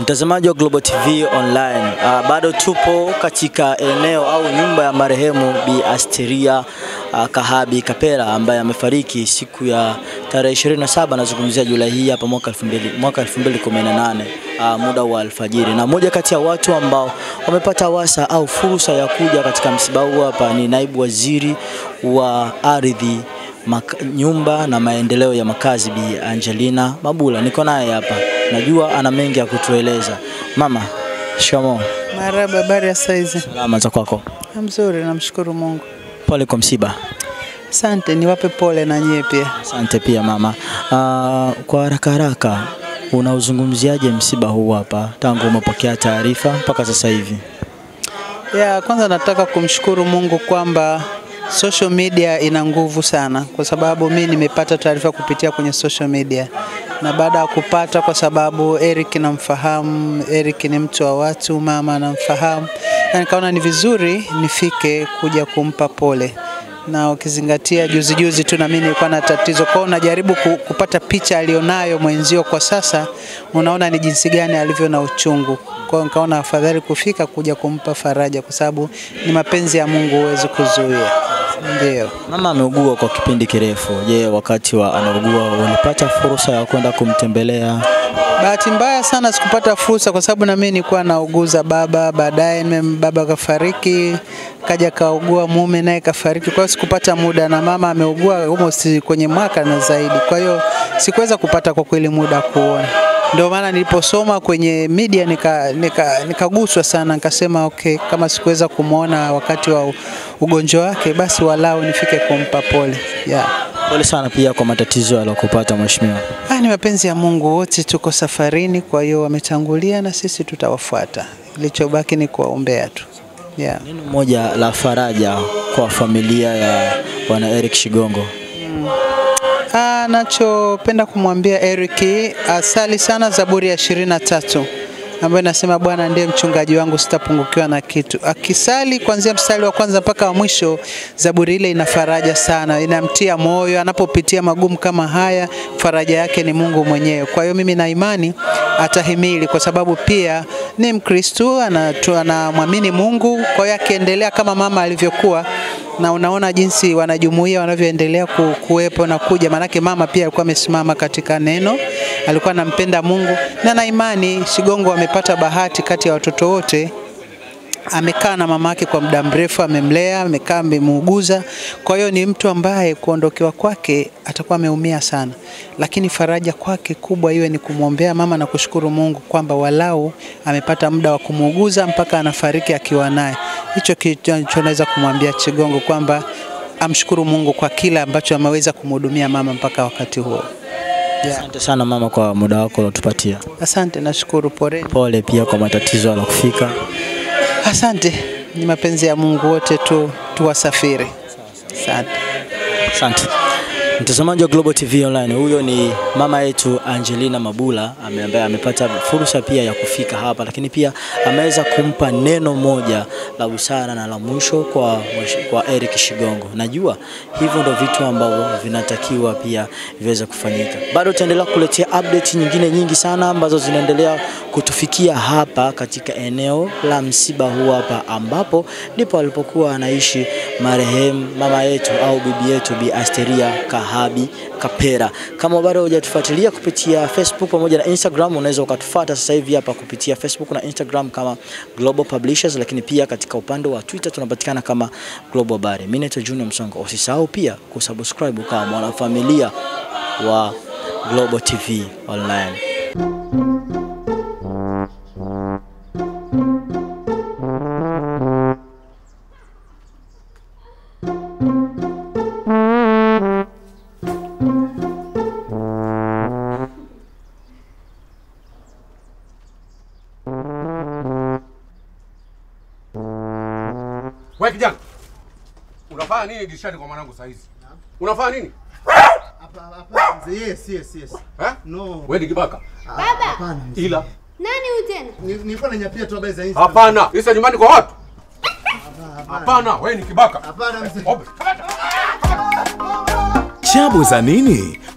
Mtazamaji wa Global TV Online, uh, bado tupo katika eneo au nyumba ya marehemu Bi Asteria uh, Kahabi kapela ambaye amefariki siku ya tarehe 27 nazungumzia Julai hii hapa mwaka 2000 mwaka 2018 uh, ah, muda wa alfajiri, na moja kati ya watu ambao wamepata wasa au fursa ya kuja katika msiba huu hapa ni naibu waziri wa ardhi nyumba na maendeleo ya makazi Bi Angelina Mabula, niko naye hapa najua ana mengi ya kutueleza. Mama, shikamoo. Marhaba, habari ya saizi? Salama za kwako? Mzuri, namshukuru Mungu. Pole kwa msiba. Asante, niwape pole na nyie pia. Asante pia mama. Uh, kwa haraka haraka unauzungumziaje msiba huu hapa tangu umepokea taarifa mpaka sasa hivi? Ya, kwanza nataka kumshukuru Mungu kwamba Social media ina nguvu sana, kwa sababu mi nimepata taarifa kupitia kwenye social media, na baada ya kupata, kwa sababu Eric namfahamu, Eric ni mtu wa watu, mama namfahamu, na nikaona ni vizuri nifike kuja kumpa pole na ukizingatia juzi juzi tu na mimi nilikuwa na tatizo kwao, unajaribu kupata picha alionayo mwenzio kwa sasa, unaona ni jinsi gani alivyo na uchungu. Kwa nikaona afadhali kufika kuja kumpa faraja, kwa sababu ni mapenzi ya Mungu, huwezi kuzuia. Ndio. Mama ameugua kwa kipindi kirefu. Je, wakati wa anaugua ulipata fursa ya kwenda kumtembelea? Bahati mbaya sana sikupata fursa kwa sababu na mimi nilikuwa nauguza baba, baadaye baba kafariki, kaja kaugua mume naye kafariki, kwa hiyo sikupata muda, na mama ameugua almost kwenye mwaka na zaidi, kwa hiyo sikuweza kupata kwa kweli muda kuona. Ndio maana niliposoma kwenye media nikaguswa nika, nika, nika sana, nikasema okay, kama sikuweza kumwona wakati wa ugonjwa wake, basi walau nifike kumpa pole yeah. Pole sana pia kwa matatizo aliyokupata mheshimiwa. Ah, ni mapenzi ya Mungu, wote tuko safarini, kwa hiyo wametangulia na sisi tutawafuata. Kilichobaki ni kuwaombea tu. Yeah. Neno moja la faraja kwa familia ya bwana Eric Shigongo. Hmm. Ah, kumwambia Eric asali sana Zaburi ya ishirini na tatu ambayo inasema Bwana ndiye mchungaji wangu, sitapungukiwa na kitu. Akisali kuanzia mstari wa kwanza mpaka wa mwisho, zaburi ile ina faraja sana, inamtia moyo anapopitia magumu kama haya. Faraja yake ni Mungu mwenyewe. Kwa hiyo mimi na imani atahimili, kwa sababu pia ni Mkristo, anamwamini Mungu. Kwa hiyo akiendelea kama mama alivyokuwa na unaona jinsi wanajumuia wanavyoendelea kuwepo na kuja, maanake mama pia alikuwa amesimama katika neno alikuwa anampenda Mungu na na imani Shigongo amepata bahati kati ya watoto wote amekaa na mamake kwa muda mrefu, amemlea, amekaa, amemuuguza. Kwa hiyo ni mtu ambaye kuondokewa kwake atakuwa ameumia sana, lakini faraja kwake kubwa iwe ni kumwombea mama na kushukuru Mungu kwamba walau amepata muda wa kumuuguza mpaka anafariki akiwa naye. Hicho kitu naweza kumwambia Chigongo kwamba amshukuru Mungu kwa kila ambacho ameweza kumhudumia mama mpaka wakati huo. Yeah. Asante sana mama kwa muda wako ulotupatia. Asante, nashukuru. Pole pole pia kwa matatizo alokufika. Asante, ni mapenzi ya Mungu wote tu tuwasafiri. Asante. Asante. Mtazamaji wa Global TV Online, huyo ni mama yetu Angelina Mabula ambaye amepata fursa pia ya kufika hapa, lakini pia ameweza kumpa neno moja la busara na la mwisho kwa, kwa Eric Shigongo. Najua hivyo ndo vitu ambavyo vinatakiwa pia viweze kufanyika. Bado tutaendelea kukuletea update nyingine nyingi sana ambazo zinaendelea kutufikia hapa katika eneo la msiba huu hapa, ambapo ndipo alipokuwa anaishi marehemu mama yetu au bibi yetu Bi Asteria Kahabi Kapera. Kama bado hujatufuatilia kupitia Facebook pamoja na Instagram, unaweza ukatufuata sasa hivi hapa kupitia Facebook na Instagram kama Global Publishers, lakini pia katika upande wa Twitter tunapatikana kama Global Habari. Mimi naitwa Junior Msongo. Usisahau pia kusubscribe kama mwanafamilia wa Global TV Online. Wewe kijana. Unafanya nini dirishani kwa mwanangu saa hizi? Unafanya nini? Hapa hapa mzee. Yes, yes, yes. Eh? No. Wewe ni kibaka. Ah, Baba. Hapana. Ila. Nani huyu tena? Nilikuwa nanyapia tu habari za hizi. Hapana. Hizi nyumbani kwa watu. Hapana, wewe ni kibaka. Hapana mzee. Chabu za nini?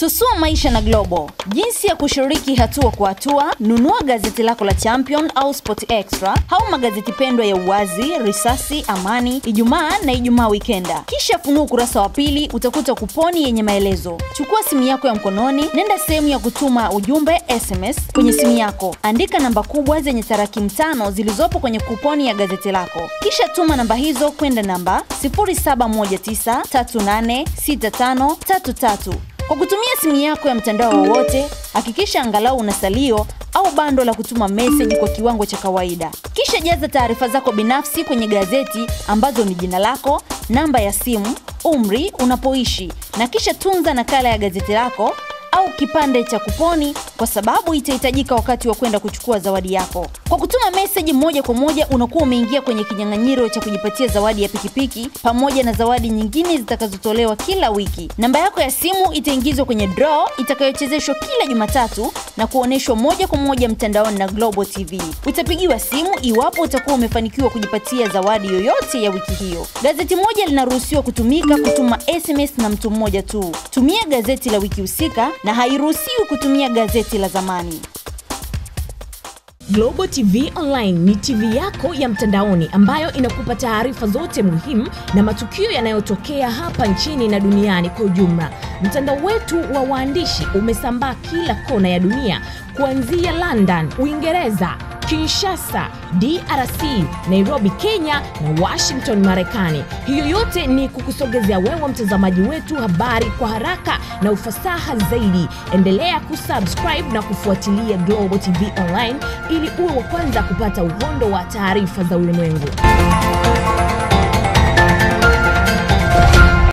Tusua maisha na Globo. jinsi ya kushiriki hatua kwa hatua. Nunua gazeti lako la Champion au Sport Extra au magazeti pendwa ya Uwazi, Risasi, Amani, Ijumaa na Ijumaa Wikenda, kisha funua ukurasa wa pili, utakuta kuponi yenye maelezo. Chukua simu yako ya mkononi, nenda sehemu ya kutuma ujumbe SMS kwenye simu yako, andika namba kubwa zenye tarakimu tano zilizopo kwenye kuponi ya gazeti lako, kisha tuma namba hizo kwenda namba 0719386533 kwa kutumia simu yako ya mtandao wowote, hakikisha angalau una salio au bando la kutuma meseji kwa kiwango cha kawaida. Kisha jaza taarifa zako binafsi kwenye gazeti ambazo ni jina lako, namba ya simu, umri, unapoishi na kisha tunza nakala ya gazeti lako au kipande cha kuponi kwa sababu itahitajika wakati wa kwenda kuchukua zawadi yako. Kwa kutuma meseji moja kwa moja, unakuwa umeingia kwenye kinyang'anyiro cha kujipatia zawadi ya pikipiki pamoja na zawadi nyingine zitakazotolewa kila wiki. Namba yako ya simu itaingizwa kwenye draw itakayochezeshwa kila Jumatatu na kuonyeshwa moja kwa moja mtandaoni na Global TV. Utapigiwa simu iwapo utakuwa umefanikiwa kujipatia zawadi yoyote ya wiki hiyo. Gazeti moja linaruhusiwa kutumika kutuma SMS na mtu mmoja tu. Tumia gazeti la wiki husika na na hairuhusiwi kutumia gazeti la zamani. Global TV Online ni TV yako ya mtandaoni ambayo inakupa taarifa zote muhimu na matukio yanayotokea hapa nchini na duniani kwa ujumla. Mtandao wetu wa waandishi umesambaa kila kona ya dunia kuanzia London, Uingereza Kinshasa, DRC, Nairobi, Kenya na Washington, Marekani. Hiyo yote ni kukusogezea wewe mtazamaji wetu habari kwa haraka na ufasaha zaidi. Endelea kusubscribe na kufuatilia Global TV Online ili uwe wa kwanza kupata uhondo wa taarifa za ulimwengu.